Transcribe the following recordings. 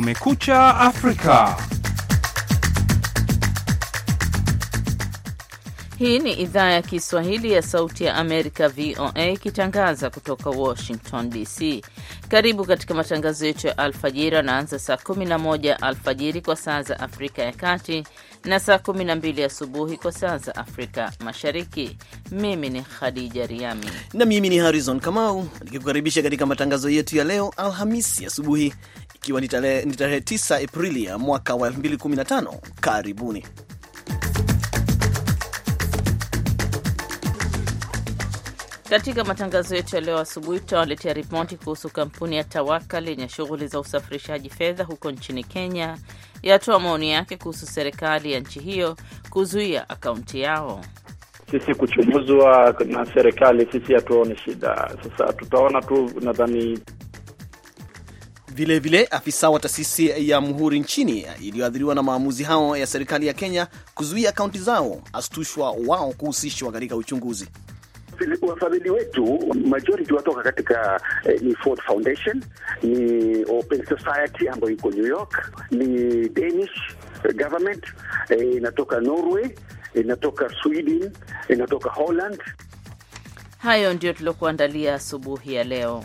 Kumekucha Afrika. Hii ni idhaa ya Kiswahili ya Sauti ya Amerika, VOA, ikitangaza kutoka Washington DC. Karibu katika matangazo yetu ya alfajiri, anaanza saa 11 alfajiri kwa saa za Afrika ya Kati na saa 12 asubuhi kwa saa za Afrika Mashariki. Mimi ni Khadija Riami na mimi ni Harrison Kamau nikikukaribisha katika matangazo yetu ya leo Alhamisi asubuhi, ikiwa ni tarehe 9 Aprili ya mwaka wa 2015. Karibuni. Katika matangazo yetu ya leo asubuhi tutawaletea ripoti kuhusu kampuni ya Tawakal yenye shughuli za usafirishaji fedha huko nchini Kenya yatoa maoni yake kuhusu serikali ya nchi hiyo kuzuia akaunti yao. Sisi kuchunguzwa na serikali, sisi hatuoni shida. Sasa tutaona tu, nadhani Vilevile vile, afisa wa taasisi ya Muhuri nchini iliyoathiriwa na maamuzi hao ya serikali ya Kenya kuzuia akaunti zao astushwa wao kuhusishwa katika uchunguzi. Wafadhili wetu majority watoka katika eh, ni Ford Foundation, ni Open Society ambayo iko New York, ni Danish eh, government eh, inatoka Norway, inatoka Sweden, inatoka Holland. Hayo ndio tuliokuandalia asubuhi ya leo.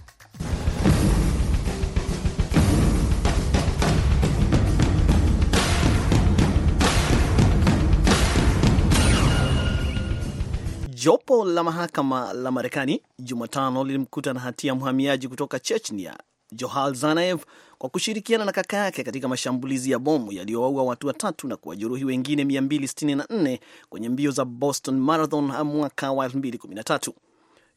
Jopo la mahakama la Marekani Jumatano lilimkuta na hatia mhamiaji kutoka Chechnia Johal Zanaev kwa kushirikiana na kaka yake katika mashambulizi ya bomu yaliyowaua watu watatu na kuwajeruhi wengine 264 kwenye mbio za Boston Marathon mwaka wa 2013.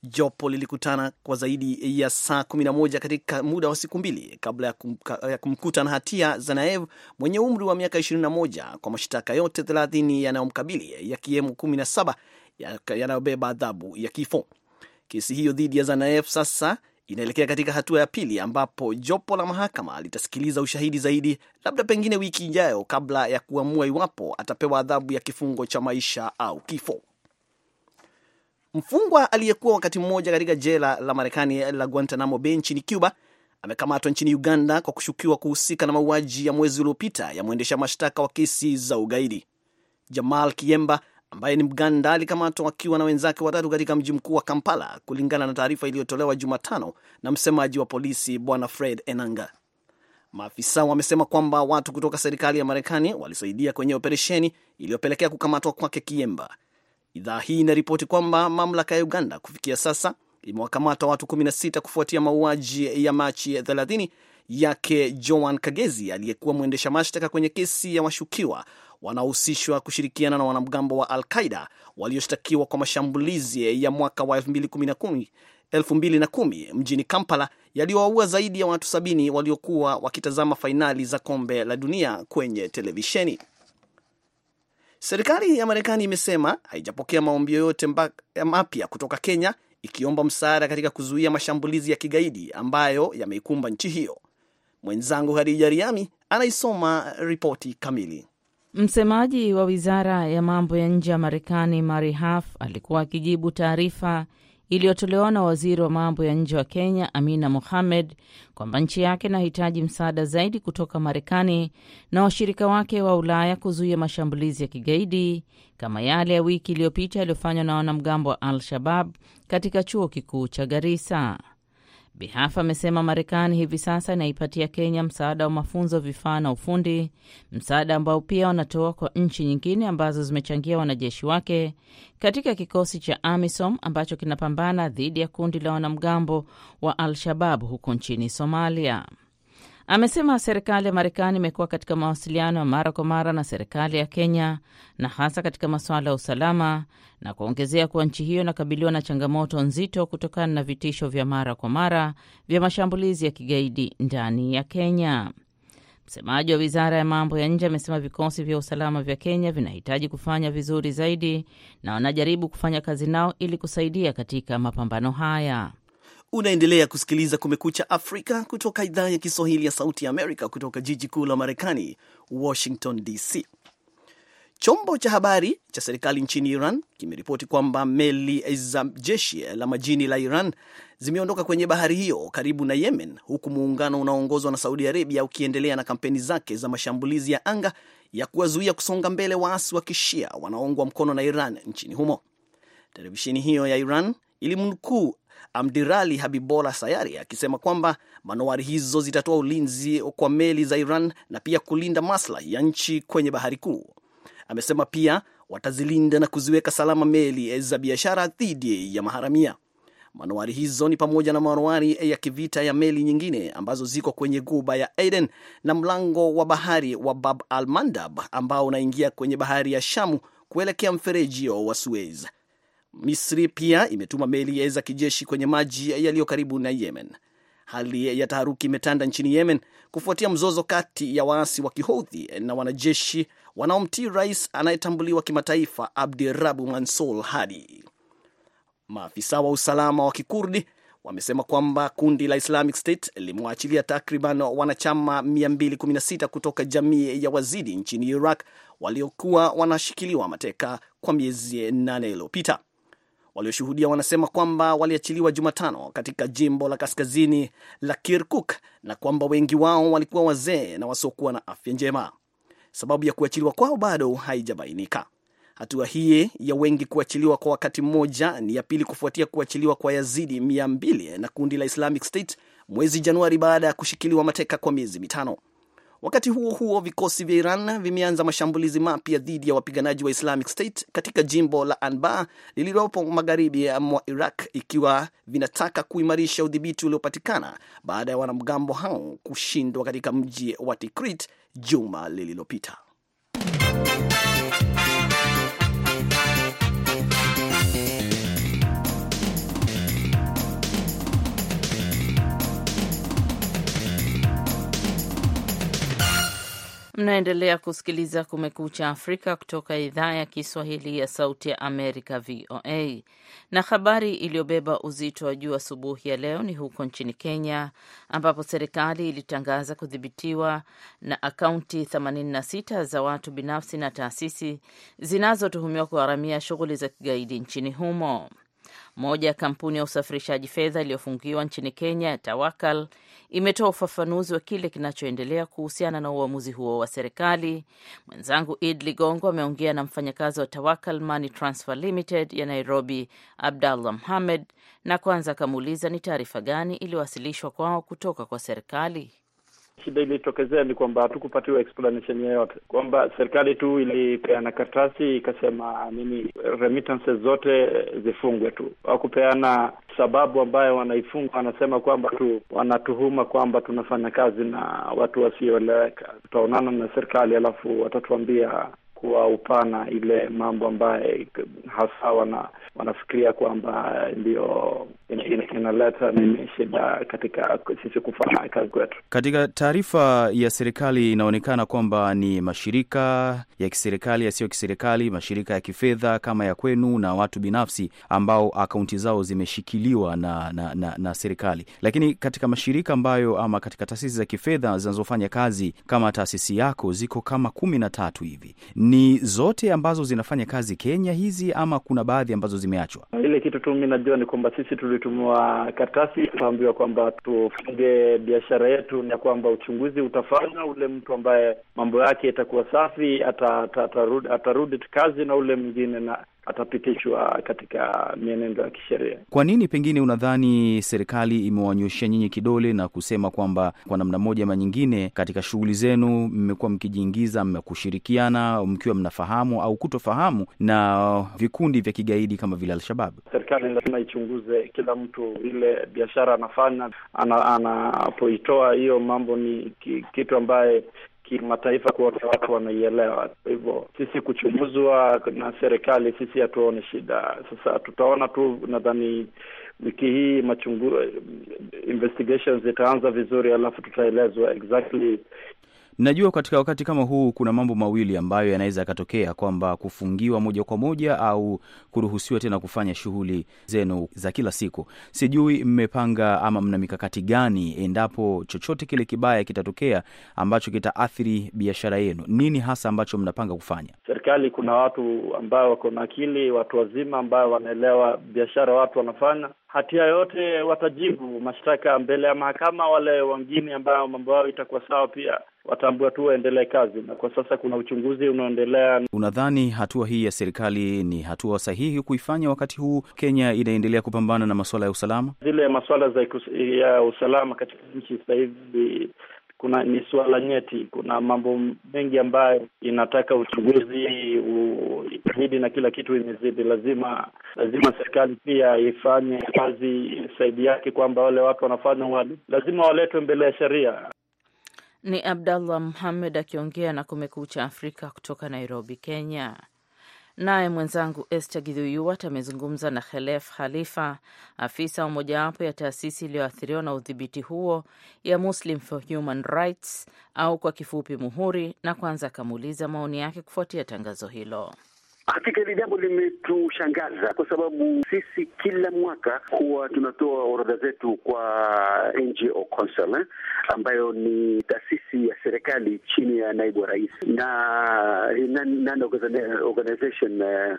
Jopo lilikutana kwa zaidi ya saa 11 katika muda wa siku mbili kabla ya, kumkuta na hatia Zanaev mwenye umri wa miaka 21 kwa mashtaka yote 30 yanayomkabili yakiwemo 17 yanayobeba adhabu ya kifo. Kesi hiyo dhidi ya Zanaev sasa inaelekea katika hatua ya pili ambapo jopo la mahakama litasikiliza ushahidi zaidi, labda pengine wiki ijayo, kabla ya kuamua iwapo atapewa adhabu ya kifungo cha maisha au kifo. Mfungwa aliyekuwa wakati mmoja katika jela la Marekani la Guantanamo Bay nchini Cuba amekamatwa nchini Uganda kwa kushukiwa kuhusika na mauaji ya mwezi uliopita ya mwendesha mashtaka wa kesi za ugaidi Jamal Kiemba ambaye ni Mganda alikamatwa akiwa na wenzake watatu katika mji mkuu wa Kampala, kulingana na taarifa iliyotolewa Jumatano na msemaji wa polisi Bwana Fred Enanga. Maafisa wamesema kwamba watu kutoka serikali ya Marekani walisaidia kwenye operesheni iliyopelekea kukamatwa kwake Kiemba. Idhaa hii inaripoti kwamba mamlaka ya Uganda kufikia sasa imewakamata watu 16 kufuatia mauaji ya Machi 30 yake Joan Kagezi, aliyekuwa mwendesha mashtaka kwenye kesi ya washukiwa wanaohusishwa kushirikiana na wanamgambo wa Al Qaida walioshtakiwa kwa mashambulizi ya mwaka wa 2010 mjini Kampala yaliyowaua zaidi ya watu sabini waliokuwa wakitazama fainali za kombe la dunia kwenye televisheni. Serikali ya Marekani imesema haijapokea maombi yoyote mapya kutoka Kenya ikiomba msaada katika kuzuia mashambulizi ya kigaidi ambayo yameikumba nchi hiyo. Mwenzangu Hadija Riami anaisoma ripoti kamili. Msemaji wa wizara ya mambo ya nje ya Marekani Mari haf alikuwa akijibu taarifa iliyotolewa na waziri wa mambo ya nje wa Kenya Amina Mohamed kwamba nchi yake inahitaji msaada zaidi kutoka Marekani na washirika wake wa Ulaya kuzuia mashambulizi ya kigaidi kama yale ya wiki iliyopita yaliyofanywa na wanamgambo wa Al Shabab katika chuo kikuu cha Garissa. Bihafa amesema Marekani hivi sasa inaipatia Kenya msaada wa mafunzo, vifaa na ufundi, msaada ambao pia wanatoa kwa nchi nyingine ambazo zimechangia wanajeshi wake katika kikosi cha AMISOM ambacho kinapambana dhidi ya kundi la wanamgambo wa Al-Shabab huko nchini Somalia. Amesema serikali ya Marekani imekuwa katika mawasiliano ya mara kwa mara na serikali ya Kenya na hasa katika masuala ya usalama, na kuongezea kuwa nchi hiyo inakabiliwa na changamoto nzito kutokana na vitisho vya mara kwa mara vya mashambulizi ya kigaidi ndani ya Kenya. Msemaji wa wizara ya mambo ya nje amesema vikosi vya usalama vya Kenya vinahitaji kufanya vizuri zaidi na wanajaribu kufanya kazi nao ili kusaidia katika mapambano haya. Unaendelea kusikiliza Kumekucha Afrika kutoka idhaa ya Kiswahili ya Sauti ya Amerika, kutoka jiji kuu la Marekani, Washington DC. Chombo cha habari cha serikali nchini Iran kimeripoti kwamba meli za jeshi la majini la Iran zimeondoka kwenye bahari hiyo karibu na Yemen, huku muungano unaoongozwa na Saudi Arabia ukiendelea na kampeni zake za mashambulizi ya anga ya kuwazuia kusonga mbele waasi wa kishia wanaoungwa mkono na Iran nchini humo. Televisheni hiyo ya Iran ilimnukuu Amdirali Habibola Sayari akisema kwamba manowari hizo zitatoa ulinzi kwa meli za Iran na pia kulinda maslahi ya nchi kwenye bahari kuu. Amesema pia watazilinda na kuziweka salama meli za biashara dhidi ya maharamia. Manowari hizo ni pamoja na manowari ya kivita ya meli nyingine ambazo ziko kwenye guba ya Aden na mlango wa bahari wa Bab al Mandab ambao unaingia kwenye bahari ya Shamu kuelekea mfereji wa Suez. Misri pia imetuma meli za kijeshi kwenye maji yaliyo karibu na Yemen. Hali ya taharuki imetanda nchini Yemen kufuatia mzozo kati ya waasi wa Kihodhi na wanajeshi wanaomtii rais anayetambuliwa kimataifa Abdirabu Mansur Hadi. Maafisa wa usalama wa Kikurdi wamesema kwamba kundi la Islamic State limewaachilia takriban wanachama 216 kutoka jamii ya Wazidi nchini Iraq waliokuwa wanashikiliwa mateka kwa miezi nane iliyopita walioshuhudia wanasema kwamba waliachiliwa Jumatano katika jimbo la kaskazini la Kirkuk na kwamba wengi wao walikuwa wazee na wasiokuwa na afya njema. Sababu ya kuachiliwa kwao bado haijabainika. Hatua hii ya wengi kuachiliwa kwa wakati mmoja ni ya pili kufuatia kuachiliwa kwa Yazidi mia mbili na kundi la Islamic State mwezi Januari baada ya kushikiliwa mateka kwa miezi mitano. Wakati huo huo, vikosi vya Iran vimeanza mashambulizi mapya dhidi ya wapiganaji wa Islamic State katika jimbo la Anbar lililopo magharibi mwa Iraq, ikiwa vinataka kuimarisha udhibiti uliopatikana baada ya wanamgambo hao kushindwa katika mji wa Tikrit juma lililopita. Mnaendelea kusikiliza Kumekucha Afrika kutoka idhaa ya Kiswahili ya Sauti ya Amerika, VOA. Na habari iliyobeba uzito wa juu asubuhi ya leo ni huko nchini Kenya, ambapo serikali ilitangaza kudhibitiwa na akaunti 86 za watu binafsi na taasisi zinazotuhumiwa kugharamia shughuli za kigaidi nchini humo. Moja ya kampuni ya usafirishaji fedha iliyofungiwa nchini Kenya, ya Tawakal, imetoa ufafanuzi wa kile kinachoendelea kuhusiana na uamuzi huo wa serikali. Mwenzangu Id Ligongo ameongea na mfanyakazi wa Tawakal Money Transfer Limited ya Nairobi, Abdallah Muhamed, na kwanza akamuuliza ni taarifa gani iliyowasilishwa kwao kutoka kwa serikali. Shida ilitokezea ni kwamba hatukupatiwa explanation yeyote kwamba serikali tu ilipeana karatasi ikasema nini, remittances zote zifungwe tu, kupeana sababu ambayo wanaifunga. Wanasema kwamba tu wanatuhuma kwamba tunafanya kazi na watu wasioeleweka, tutaonana na serikali alafu watatuambia kwa upana ile mambo ambayo hasa wana, wanafikiria kwamba eh, ndio inaleta in, nini shida katika sisi kufanya kazi kwetu. Katika taarifa ya serikali inaonekana kwamba ni mashirika ya kiserikali, yasiyo kiserikali, mashirika ya kifedha kama ya kwenu na watu binafsi ambao akaunti zao zimeshikiliwa na, na, na, na serikali. Lakini katika mashirika ambayo ama katika taasisi za kifedha zinazofanya kazi kama taasisi yako ziko kama kumi na tatu hivi ni zote ambazo zinafanya kazi Kenya hizi ama kuna baadhi ambazo zimeachwa? Ile kitu tu mi najua ni kwamba sisi tulitumiwa karatasi, tukaambiwa kwamba tufunge biashara yetu, na kwamba uchunguzi utafanywa. Ule mtu ambaye mambo yake itakuwa safi atarudi ata, kazi, na ule mwingine na atapitishwa katika mienendo ya kisheria. Kwa nini pengine unadhani serikali imewanyoshea nyinyi kidole na kusema kwamba kwa namna moja ama nyingine, katika shughuli zenu mmekuwa mkijiingiza, mmekushirikiana mkiwa mnafahamu au kutofahamu na vikundi vya kigaidi kama vile Alshababu? Serikali lazima ichunguze kila mtu ile biashara anafanya, anapoitoa ana, hiyo mambo ni kitu ambaye kimataifa kuona watu wanaielewa. Kwa hivyo sisi kuchumuzwa na serikali, sisi hatuoni shida. Sasa tutaona tu, nadhani wiki hii machungu investigations zitaanza vizuri, alafu tutaelezwa exactly Najua katika wakati kama huu kuna mambo mawili ambayo yanaweza yakatokea, kwamba kufungiwa moja kwa moja au kuruhusiwa tena kufanya shughuli zenu za kila siku. Sijui mmepanga ama mna mikakati gani endapo chochote kile kibaya kitatokea ambacho kitaathiri biashara yenu, nini hasa ambacho mnapanga kufanya? Serikali kuna watu ambao wako na akili, watu wazima ambao wanaelewa biashara watu wanafanya hatia yote watajibu mashtaka mbele ya mahakama. Wale wengine ambao mambo yao itakuwa sawa, pia wataambua tu waendelee kazi, na kwa sasa kuna uchunguzi unaoendelea. Unadhani hatua hii ya serikali ni hatua sahihi kuifanya wakati huu Kenya inaendelea kupambana na masuala ya usalama? Zile masuala za ya usalama katika nchi sasa hivi kuna ni suala nyeti. Kuna mambo mengi ambayo inataka uchunguzi itahidi na kila kitu imezidi. Lazima lazima serikali pia ifanye kazi saidi yake, kwamba wale watu wanafanya uhalifu lazima waletwe mbele ya sheria. Ni Abdallah muhammed akiongea na Kumekucha Afrika kutoka Nairobi, Kenya. Naye mwenzangu Esther Gidhuyuwat amezungumza na Khelef Khalifa, afisa wa mojawapo ya taasisi iliyoathiriwa na udhibiti huo ya Muslim for Human Rights au kwa kifupi MUHURI, na kwanza akamuuliza maoni yake kufuatia tangazo hilo. Hakika hili jambo limetushangaza kwa sababu sisi kila mwaka huwa tunatoa orodha zetu kwa NGO Council eh, ambayo ni taasisi ya serikali chini ya naibu wa rais na organization uh,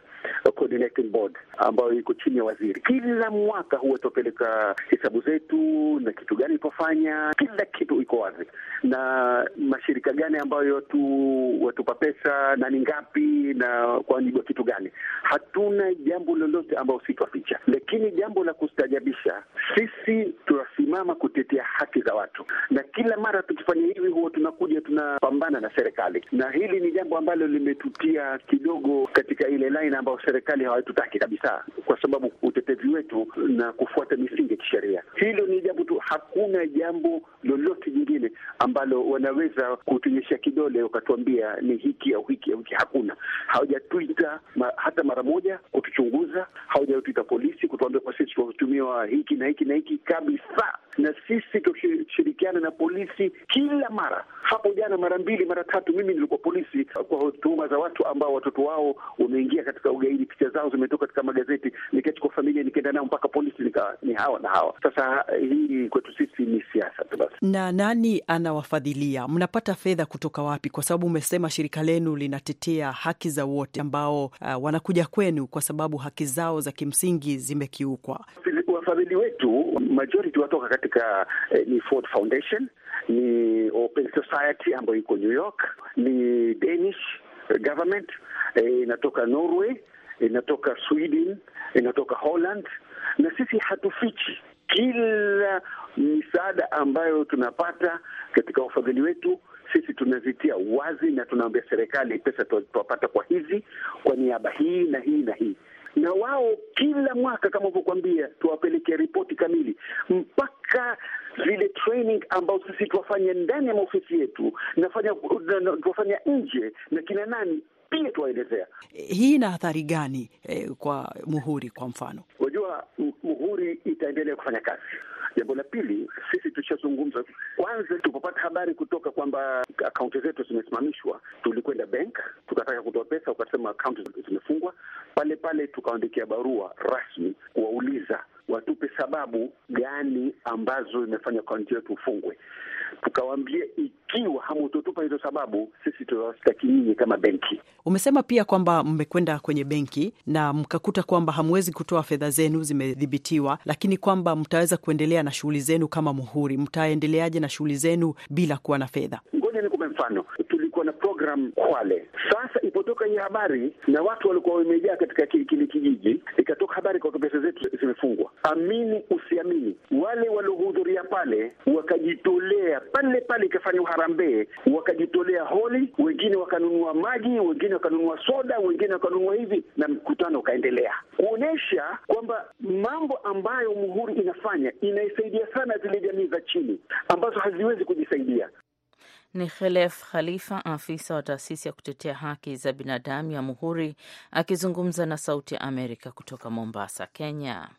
coordinating board ambayo iko chini ya waziri. Kila mwaka huwa tunapeleka hesabu zetu na kitu gani itofanya, kila kitu iko wazi, na mashirika gani ambayo watu watupa pesa na ni ngapi na ni kupigwa kitu gani? Hatuna jambo lolote ambao si picha. Lakini jambo la kustajabisha sisi tunasimama kutetea haki za watu, na kila mara tukifanya hivi huwa tunakuja tunapambana na serikali, na hili ni jambo ambalo limetutia kidogo katika ile laini ambayo serikali hawatutaki kabisa, kwa sababu utetezi wetu na kufuata misingi ya kisheria. Hilo ni jambo tu, hakuna jambo lolote jingine ambalo wanaweza kutunyesha kidole wakatuambia ni hiki au hiki au hiki. Hakuna, hawajatuita kuja ma, hata mara moja kutuchunguza, hawajatuita polisi kutuambia kwa sisi tunatumiwa hiki na hiki na hiki kabisa, na sisi tushirikiane na polisi kila mara. Hapo jana mara mbili mara tatu mimi nilikuwa polisi kwa tuhuma za watu ambao watoto wao wameingia katika ugaidi, picha zao zimetoka katika magazeti, nikachukua familia nikaenda nao mpaka polisi, nika ni hawa na hawa. Sasa eh, hii kwetu sisi ni siasa tu basi. Na nani anawafadhilia? Mnapata fedha kutoka wapi? Kwa sababu umesema shirika lenu linatetea haki za wote ambao ambao uh, wanakuja kwenu kwa sababu haki zao za kimsingi zimekiukwa? Wafadhili wetu majority watoka katika eh, ni Ford Foundation, ni Open Society ambayo iko New York, ni Danish eh, government eh, inatoka Norway, inatoka Sweden, inatoka Holland, na sisi hatufichi kila misaada ambayo tunapata katika wafadhili wetu sisi tunazitia wazi na tunaambia serikali, pesa tuwapata kwa hizi, kwa niaba hii na hii na hii na wao kila mwaka kama ulivyokuambia, tuwapelekea ripoti kamili mpaka zile training ambao sisi tuwafanya ndani ya maofisi yetu, tuwafanya nje na kina nani pia tuwaelezea. Hii ina athari gani eh, kwa Muhuri kwa mfano? Unajua, Muhuri itaendelea kufanya kazi Jambo la pili, sisi tushazungumza kwanza, tupopata habari kutoka kwamba akaunti zetu zimesimamishwa, tulikwenda bank tukataka kutoa pesa, ukasema akaunti zimefungwa. Pale pale tukaandikia barua rasmi kuwauliza watupe sababu gani ambazo imefanya akaunti yetu ufungwe. Tukawaambia ikiwa hamutotupa hizo sababu, sisi tutawashtaki nyinyi kama benki. Umesema pia kwamba mmekwenda kwenye benki na mkakuta kwamba hamwezi kutoa fedha zenu, zimedhibitiwa, lakini kwamba mtaweza kuendelea na shughuli zenu kama muhuri. Mtaendeleaje na shughuli zenu bila kuwa na fedha? Ngoja nikupe mfano, tulikuwa na program Kwale. Sasa ipotoka hii habari na watu walikuwa wamejaa katika kile kijiji, ikatoka habari kwa pesa zetu zimefungwa. Amini usiamini, wale waliohudhuria pale wakajitolea pale pale, ikafanya uharambee, wakajitolea holi, wengine wakanunua maji, wengine wakanunua soda, wengine wakanunua hivi, na mkutano ukaendelea kuonyesha kwamba mambo ambayo muhuri inafanya inaisaidia sana zile jamii za chini ambazo haziwezi kujisaidia. Ni Khelef Khalifa, afisa wa taasisi ya kutetea haki za binadamu ya Muhuri, akizungumza na Sauti ya Amerika kutoka Mombasa, Kenya.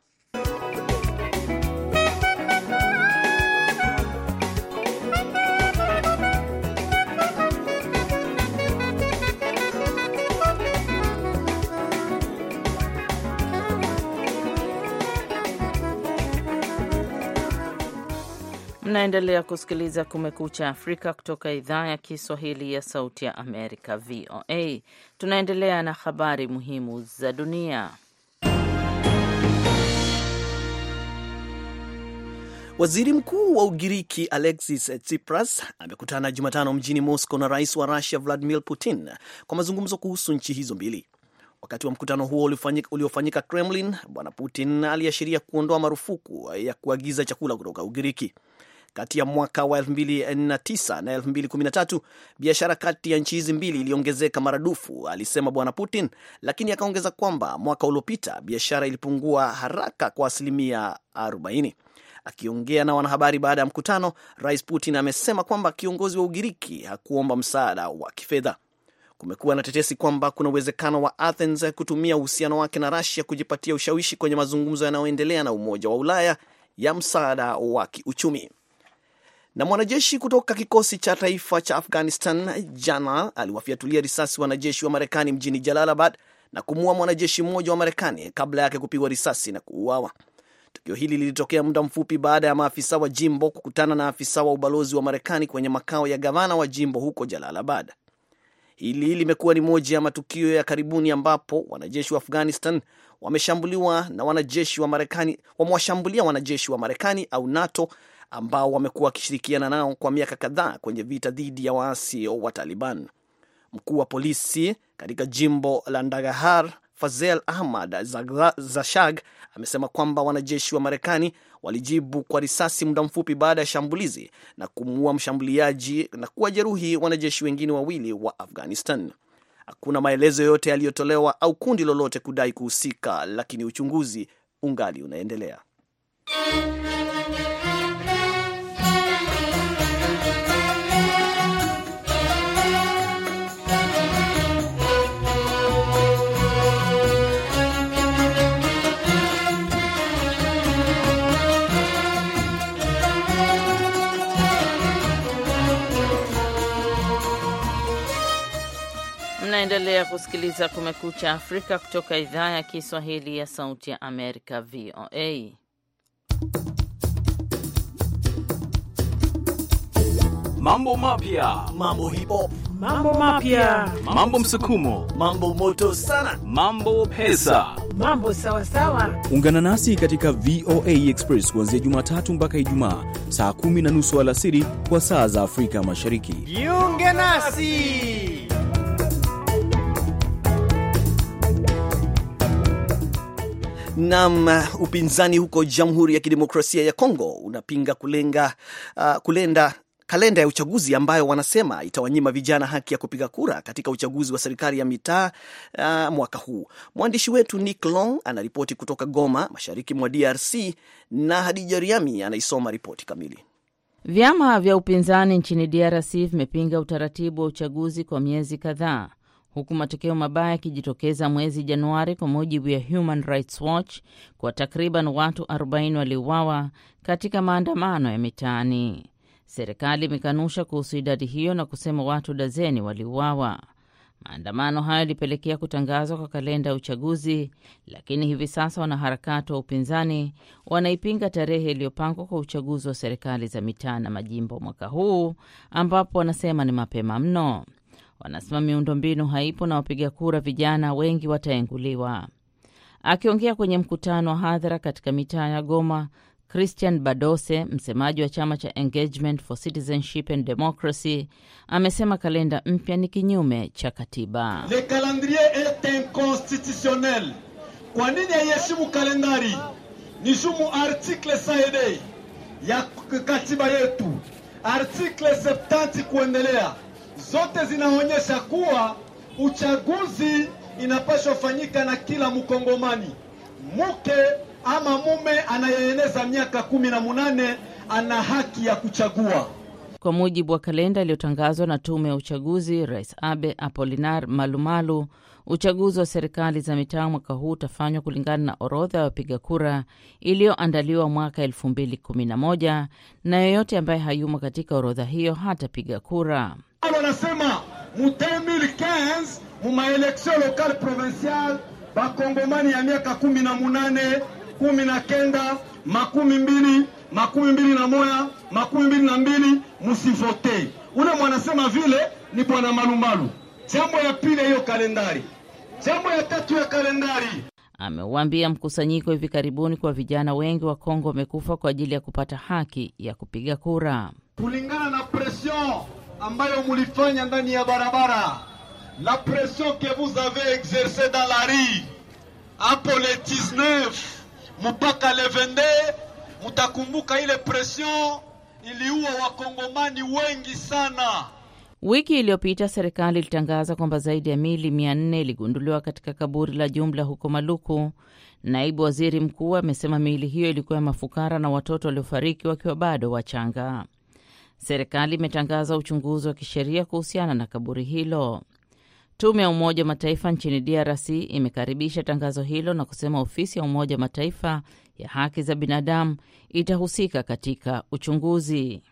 Mnaendelea kusikiliza Kumekucha Afrika kutoka idhaa ya Kiswahili ya Sauti ya Amerika, VOA. Tunaendelea na habari muhimu za dunia. Waziri Mkuu wa Ugiriki Alexis Tsipras amekutana Jumatano mjini Moscow na rais wa Rusia Vladimir Putin kwa mazungumzo kuhusu nchi hizo mbili. Wakati wa mkutano huo uliofanyika Kremlin, Bwana Putin aliashiria kuondoa marufuku ya kuagiza chakula kutoka Ugiriki. Kati ya mwaka wa 2009 na 2013 biashara kati ya nchi hizi mbili iliongezeka maradufu, alisema Bwana Putin, lakini akaongeza kwamba mwaka uliopita biashara ilipungua haraka kwa asilimia 40. Akiongea na wanahabari baada ya mkutano, Rais Putin amesema kwamba kiongozi wa Ugiriki hakuomba msaada wa kifedha. Kumekuwa na tetesi kwamba kuna uwezekano wa Athens kutumia uhusiano wake na rasia kujipatia ushawishi kwenye mazungumzo yanayoendelea na Umoja wa Ulaya ya msaada wa kiuchumi. Na mwanajeshi kutoka kikosi cha taifa cha Afghanistan jana aliwafyatulia risasi wanajeshi wa Marekani mjini Jalalabad na kumuua mwanajeshi mmoja wa Marekani kabla yake kupigwa risasi na kuuawa. Tukio hili lilitokea muda mfupi baada ya maafisa wa jimbo kukutana na afisa wa ubalozi wa Marekani kwenye makao ya gavana wa jimbo huko Jalalabad. Hili limekuwa ni moja ya matukio ya karibuni ambapo wanajeshi wa Afghanistan wameshambuliwa na wanajeshi wa Marekani, wamewashambulia wanajeshi wa Marekani au NATO ambao wamekuwa wakishirikiana nao kwa miaka kadhaa kwenye vita dhidi ya waasi wa Taliban. Mkuu wa polisi katika jimbo la ndagahar Fazel Ahmad Zashag amesema kwamba wanajeshi wa Marekani walijibu kwa risasi muda mfupi baada ya shambulizi na kumuua mshambuliaji na kuwajeruhi wanajeshi wengine wawili wa Afghanistan. Hakuna maelezo yote yaliyotolewa au kundi lolote kudai kuhusika, lakini uchunguzi ungali unaendelea. Mnaendelea kusikiliza Kumekucha Afrika kutoka idhaa ya Kiswahili ya Sauti ya Amerika, VOA. Mambo mapya, mambo hipo, mambo mapya, mambo msukumo, mambo moto sana, mambo pesa, mambo sawasawa. Ungana nasi katika VOA Express kuanzia Jumatatu mpaka Ijumaa saa kumi na nusu alasiri kwa saa za Afrika Mashariki. Jiunge nasi. nam uh, upinzani huko Jamhuri ya Kidemokrasia ya Kongo unapinga kulenga, uh, kulenda kalenda ya uchaguzi ambayo wanasema itawanyima vijana haki ya kupiga kura katika uchaguzi wa serikali ya mitaa uh, mwaka huu. Mwandishi wetu Nick Long anaripoti kutoka Goma, mashariki mwa DRC, na Hadija Riami anaisoma ripoti kamili. Vyama vya upinzani nchini DRC vimepinga utaratibu wa uchaguzi kwa miezi kadhaa huku matokeo mabaya yakijitokeza mwezi Januari, kwa mujibu ya Human Rights Watch, kwa takriban watu 40 waliuawa katika maandamano ya mitaani. Serikali imekanusha kuhusu idadi hiyo na kusema watu dazeni waliuawa. Maandamano hayo yalipelekea kutangazwa kwa kalenda ya uchaguzi, lakini hivi sasa wanaharakati wa upinzani wanaipinga tarehe iliyopangwa kwa uchaguzi wa serikali za mitaa na majimbo mwaka huu, ambapo wanasema ni mapema mno. Wanasema miundombinu haipo na wapiga kura vijana wengi wataenguliwa. Akiongea kwenye mkutano wa hadhara katika mitaa ya Goma, Christian Badose, msemaji wa chama cha Engagement for Citizenship and Democracy, amesema kalenda mpya ni kinyume cha katiba. Le calendrier est inconstitutionnel. Kwa nini haiheshimu kalendari? Ni shumu article sd ya katiba yetu, article 70 kuendelea zote zinaonyesha kuwa uchaguzi inapaswa fanyika na kila mkongomani. Mke ama mume anayeeneza miaka kumi na munane ana haki ya kuchagua kwa mujibu wa kalenda iliyotangazwa na tume ya uchaguzi. Rais Abe Apolinar Malumalu, uchaguzi wa serikali za mitaa mwaka huu utafanywa kulingana na orodha ya wapiga kura iliyoandaliwa mwaka elfu na na yoyote ambaye hayumo katika orodha hiyo hatapiga kura anasema mu 2015 mu maeleksio lokale provincial bakongomani ya miaka kumi na munane kumi na kenda makumi mbili makumi mbili na moya makumi mbili na mbili musivote ule mwanasema vile ni bwana Malumalu. Jambo ya pili hiyo kalendari, jambo ya tatu ya kalendari ameuambia mkusanyiko hivi karibuni kwa vijana wengi wa Kongo wamekufa kwa ajili ya kupata haki ya kupiga kura kulingana na presion ambayo mulifanya ndani ya barabara, la pression que vous avez exercé dans la rue hapo le 19 mpaka le 22, mutakumbuka ile pression iliua wakongomani wengi sana. Wiki iliyopita serikali ilitangaza kwamba zaidi ya miili mia nne iligunduliwa katika kaburi la jumla huko Maluku. Naibu waziri mkuu amesema miili hiyo ilikuwa ya mafukara na watoto waliofariki wakiwa bado wachanga. Serikali imetangaza uchunguzi wa kisheria kuhusiana na kaburi hilo. Tume ya Umoja wa Mataifa nchini DRC imekaribisha tangazo hilo na kusema ofisi ya Umoja wa Mataifa ya haki za binadamu itahusika katika uchunguzi.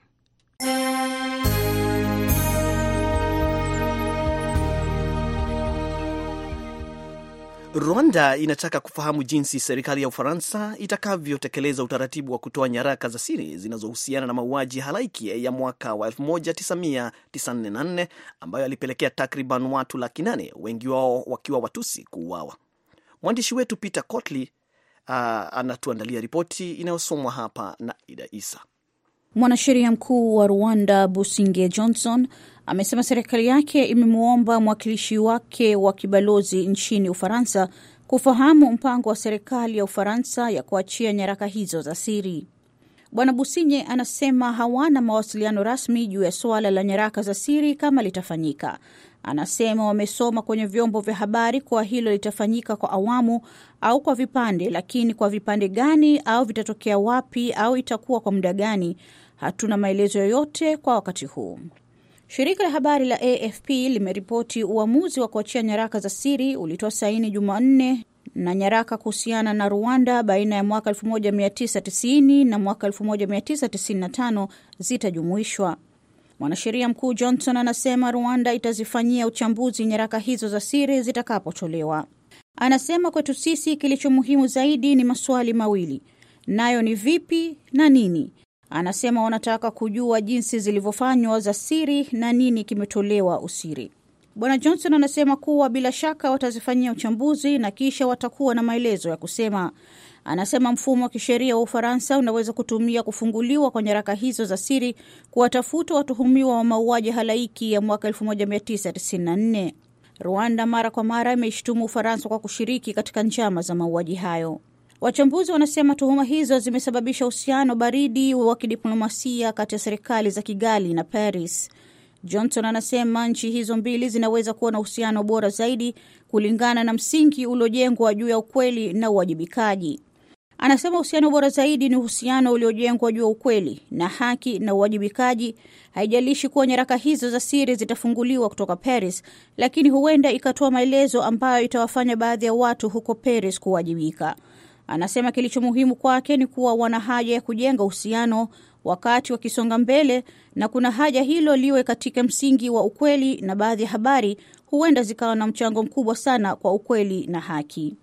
Rwanda inataka kufahamu jinsi serikali ya Ufaransa itakavyotekeleza utaratibu wa kutoa nyaraka za siri zinazohusiana na mauaji halaiki ya mwaka wa 1994 ambayo alipelekea takriban watu laki nane, wengi wao wakiwa Watusi, kuuawa. Mwandishi wetu Peter Cotly uh, anatuandalia ripoti inayosomwa hapa na Ida Isa. Mwanasheria mkuu wa Rwanda businge Johnson amesema serikali yake imemwomba mwakilishi wake wa kibalozi nchini Ufaransa kufahamu mpango wa serikali ya Ufaransa ya kuachia nyaraka hizo za siri. Bwana Businye anasema hawana mawasiliano rasmi juu ya suala la nyaraka za siri kama litafanyika. Anasema wamesoma kwenye vyombo vya habari kuwa hilo litafanyika kwa awamu au kwa vipande, lakini kwa vipande gani au vitatokea wapi au itakuwa kwa muda gani, hatuna maelezo yoyote kwa wakati huu. Shirika la habari la AFP limeripoti uamuzi wa kuachia nyaraka za siri ulitoa saini Jumanne na nyaraka kuhusiana na Rwanda baina ya mwaka 1990 na mwaka 1995 zitajumuishwa. Mwanasheria mkuu Johnson anasema Rwanda itazifanyia uchambuzi nyaraka hizo za siri zitakapotolewa. Anasema kwetu sisi kilicho muhimu zaidi ni maswali mawili, nayo ni vipi na nini, Anasema wanataka kujua jinsi zilivyofanywa za siri na nini kimetolewa usiri. Bwana Johnson anasema kuwa bila shaka watazifanyia uchambuzi na kisha watakuwa na maelezo ya kusema. Anasema mfumo wa kisheria wa Ufaransa unaweza kutumia kufunguliwa kwa nyaraka hizo za siri kuwatafuta watuhumiwa wa mauaji halaiki ya mwaka 1994. Rwanda mara kwa mara imeishtumu Ufaransa kwa kushiriki katika njama za mauaji hayo. Wachambuzi wanasema tuhuma hizo zimesababisha uhusiano baridi wa kidiplomasia kati ya serikali za Kigali na Paris. Johnson anasema nchi hizo mbili zinaweza kuwa na uhusiano bora zaidi kulingana na msingi uliojengwa juu ya ukweli na uwajibikaji. Anasema uhusiano bora zaidi ni uhusiano uliojengwa juu ya ukweli na haki na uwajibikaji. Haijalishi kuwa nyaraka hizo za siri zitafunguliwa kutoka Paris, lakini huenda ikatoa maelezo ambayo itawafanya baadhi ya watu huko Paris kuwajibika. Anasema kilicho muhimu kwake ni kuwa wana haja ya kujenga uhusiano wakati wakisonga mbele, na kuna haja hilo liwe katika msingi wa ukweli, na baadhi ya habari huenda zikawa na mchango mkubwa sana kwa ukweli na haki.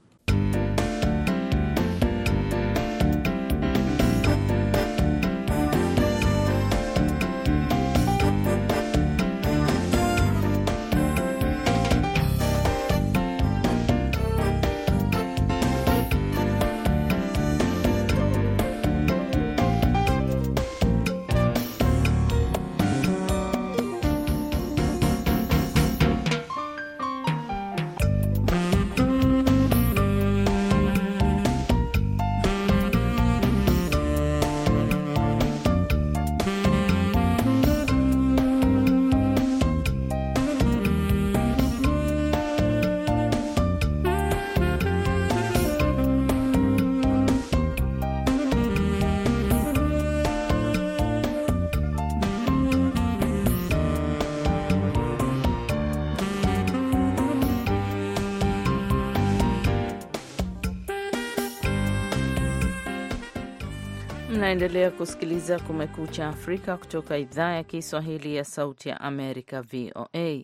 Unaendelea kusikiliza Kumekucha Afrika kutoka idhaa ya Kiswahili ya Sauti ya Amerika, VOA.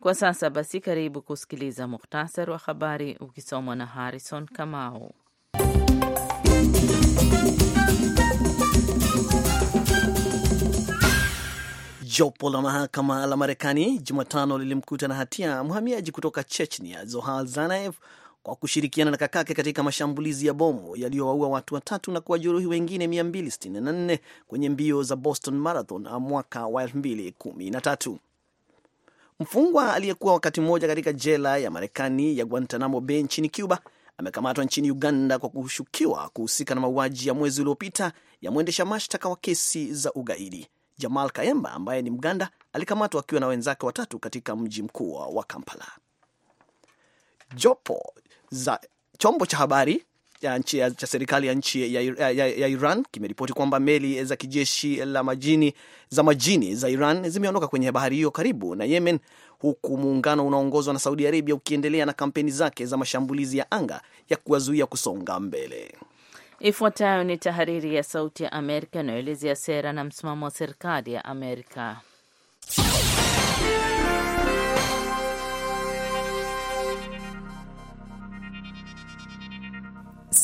Kwa sasa basi, karibu kusikiliza muhtasari wa habari ukisomwa na Harrison Kamau. Jopo la mahakama la Marekani Jumatano lilimkuta na hatia mhamiaji kutoka Chechnia Zohar Zanaev kwa kushirikiana na kakake katika mashambulizi ya bomu yaliyowaua watu watatu na kuwajeruhi wengine 264 kwenye mbio za Boston Marathon mwaka wa 2013. Mfungwa aliyekuwa wakati mmoja katika jela ya Marekani ya Guantanamo Bay nchini Cuba amekamatwa nchini Uganda kwa kushukiwa kuhusika na mauaji ya mwezi uliopita ya mwendesha mashtaka wa kesi za ugaidi. Jamal Kayemba ambaye ni Mganda alikamatwa akiwa na wenzake watatu katika mji mkuu wa Kampala. Jopo za chombo cha habari ya nchi, ya, cha serikali ya nchi ya, ya, ya Iran kimeripoti kwamba meli za kijeshi la majini, za majini za Iran zimeondoka kwenye bahari hiyo karibu na Yemen, huku muungano unaoongozwa na Saudi Arabia ukiendelea na kampeni zake za mashambulizi ya anga ya kuwazuia kusonga mbele. Ifuatayo ni tahariri ya Sauti ya Amerika inayoelezea sera na msimamo wa serikali ya Amerika.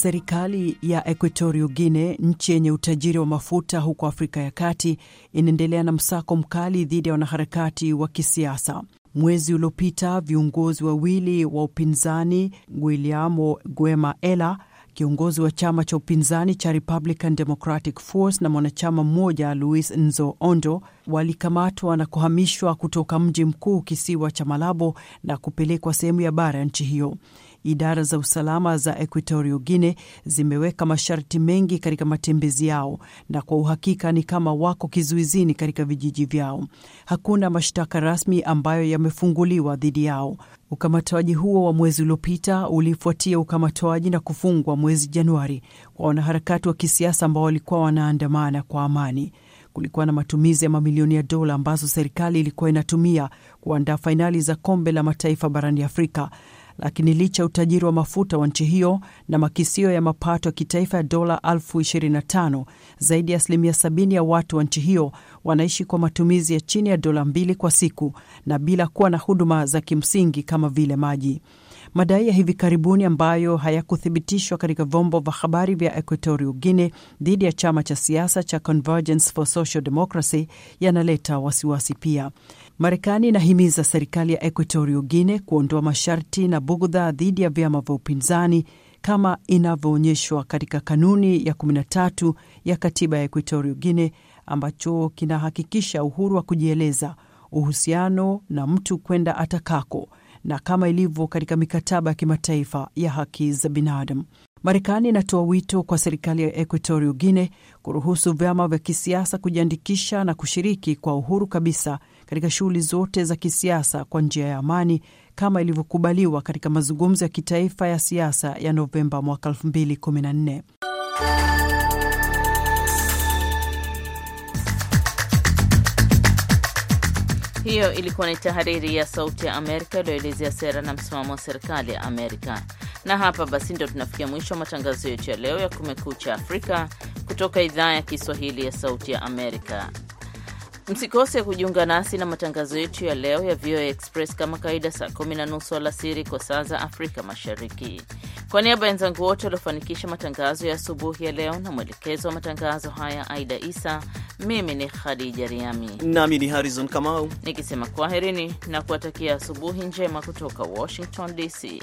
Serikali ya Equatorio Guine, nchi yenye utajiri wa mafuta huko Afrika ya Kati, inaendelea na msako mkali dhidi ya wanaharakati wa kisiasa. Mwezi uliopita viongozi wawili wa upinzani Guiliamo Guema Ela, kiongozi wa chama cha upinzani cha Republican Democratic Force, na mwanachama mmoja Luis Nzo Ondo walikamatwa na kuhamishwa kutoka mji mkuu, kisiwa cha Malabo, na kupelekwa sehemu ya bara ya nchi hiyo idara za usalama za Equatorio Guine zimeweka masharti mengi katika matembezi yao, na kwa uhakika ni kama wako kizuizini katika vijiji vyao. Hakuna mashtaka rasmi ambayo yamefunguliwa dhidi yao. Ukamatwaji huo wa mwezi uliopita ulifuatia ukamatwaji na kufungwa mwezi Januari kwa wanaharakati wa kisiasa ambao walikuwa wanaandamana kwa amani. Kulikuwa na matumizi ya mamilioni ya dola ambazo serikali ilikuwa inatumia kuandaa fainali za kombe la mataifa barani Afrika lakini licha ya utajiri wa mafuta wa nchi hiyo na makisio ya mapato ya kitaifa ya dola 25, zaidi ya asilimia 70 ya watu wa nchi hiyo wanaishi kwa matumizi ya chini ya dola mbili kwa siku na bila kuwa na huduma za kimsingi kama vile maji. Madai ya hivi karibuni ambayo hayakuthibitishwa katika vyombo vya habari vya equatorio guine dhidi ya chama cha siasa cha Convergence for Social Democracy yanaleta wasiwasi pia. Marekani inahimiza serikali ya Equatorio Guine kuondoa masharti na bugudha dhidi ya vyama vya upinzani kama inavyoonyeshwa katika kanuni ya 13 ya katiba ya Equatorio Guine, ambacho kinahakikisha uhuru wa kujieleza, uhusiano na mtu kwenda atakako, na kama ilivyo katika mikataba ya kimataifa ya haki za binadamu. Marekani inatoa wito kwa serikali ya Equatorial Guinea kuruhusu vyama vya kisiasa kujiandikisha na kushiriki kwa uhuru kabisa katika shughuli zote za kisiasa kwa njia ya amani kama ilivyokubaliwa katika mazungumzo ya kitaifa ya siasa ya Novemba mwaka 2014. Hiyo ilikuwa ni tahariri ya Sauti ya Amerika iliyoelezea sera na msimamo wa serikali ya Amerika. Na hapa basi ndio tunafikia mwisho wa matangazo yetu ya leo ya Kumekucha Afrika kutoka idhaa ya Kiswahili ya Sauti ya Amerika. Msikose kujiunga nasi na matangazo yetu ya leo ya VOA Express kama kawaida, saa kumi na nusu alasiri kwa saa za Afrika Mashariki. Kwa niaba ya wenzangu wote waliofanikisha matangazo ya asubuhi ya leo na mwelekezo wa matangazo haya Aida Isa, mimi ni Khadija Riami nami ni Harrison Kamau nikisema kwaherini na kuwatakia asubuhi njema kutoka Washington DC.